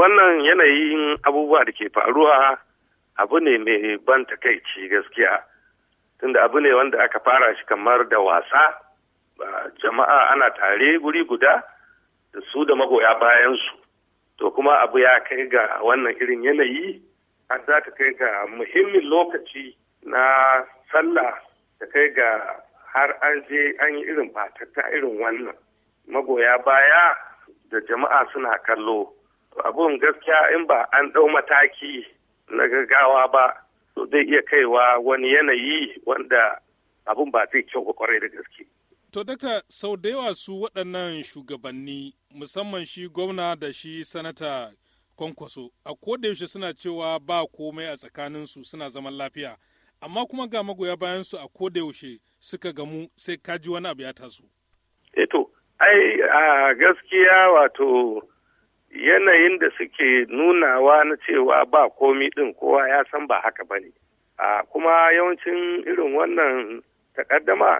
wannan yanayin abubuwa da ke faruwa abu ne mai ban takaici gaskiya tunda abu ne wanda aka fara shi kamar da wasa jama'a ana tare guri guda da su da magoya bayansu to kuma abu ya kai ga wannan irin yanayi har za ta kai ga muhimmin lokaci na sallah ta kai ga har an je an yi irin batatta irin wannan magoya baya da jama'a suna kallo abun gaskiya in ba an ɗau mataki na gaggawa ba to zai iya kaiwa wani yanayi wanda abun ba zai kyau kwarai da gaske. To, Dakta, sau da yawa su waɗannan shugabanni, musamman shi gwamna da shi sanata kwankwaso, a yaushe suna cewa ba komai a tsakaninsu suna zaman lafiya, amma kuma ga magoya bayansu a yaushe suka gamu sai kaji wani abu ya taso. Eto, eh ai, a gaskiya wato yanayin da suke nunawa na cewa ba komi din kowa ya san ba haka ba ne kuma yawancin irin wannan takaddama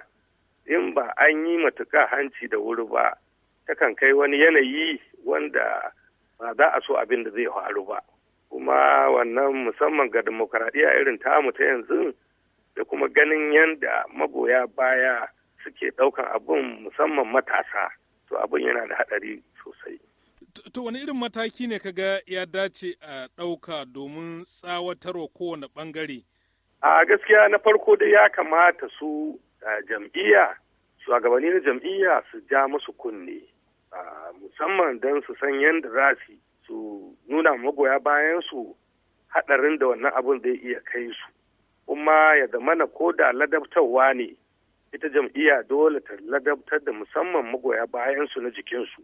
in ba an yi matuka hanci da wuri ba takan kai wani yanayi wanda ba za a so abin da zai faru ba kuma wannan musamman ga demokaradiyya irin tamu ta yanzu da kuma ganin yadda magoya baya suke ɗaukan abin musamman matasa to abin yana da haɗari sosai To wani irin mataki ne kaga ya dace a ɗauka domin tsawatarwa kowane ɓangare? A gaskiya na farko dai ya kamata su jam'iyya, shugabanni na jam'iyya su ja musu kunne, musamman don su san yadda za su su nuna magoya bayan su haɗarin da wannan abin zai iya kai su. Kuma ya zamana ko da ladabtarwa ne, ita jam'iyya dole ta ladabtar da musamman magoya bayan su na jikinsu.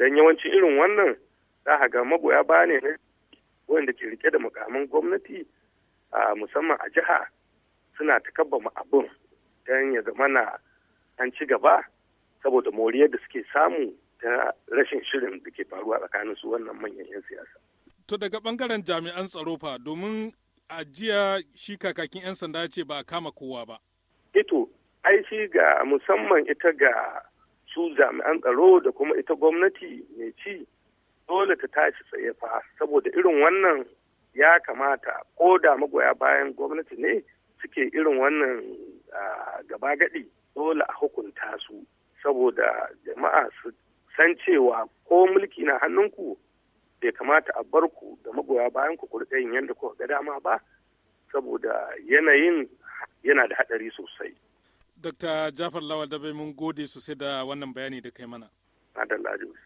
don yawanci irin wannan za a ga magoya ba ne wanda ke rike da mukamin gwamnati a musamman a jiha suna takabbama abin don ya zama na an ci gaba saboda moriyar da suke samu ta rashin shirin da ke faruwa tsakanin su wannan manyan 'yan siyasa. To daga bangaren jami'an tsaro fa domin ajiya shi kakakin 'yan sanda ya ce ba a kama kowa ba. Ito, ai shi ga musamman ita ga su jami'an tsaro da kuma ita gwamnati mai ci dole ta tashi tsaye fa saboda irin wannan ya kamata ko da magoya bayan gwamnati ne suke irin wannan gaba gadi dole a hukunta su saboda jama'a su san cewa ko mulki na hannunku bai kamata a bar ku da magoya bayan ku kurɗa yin yadda kuka ga dama ba saboda yanayin yana da haɗari sosai. Dr. Jafar Lawal Dabe mun gode sosai da wannan bayani da kai mana. Adalla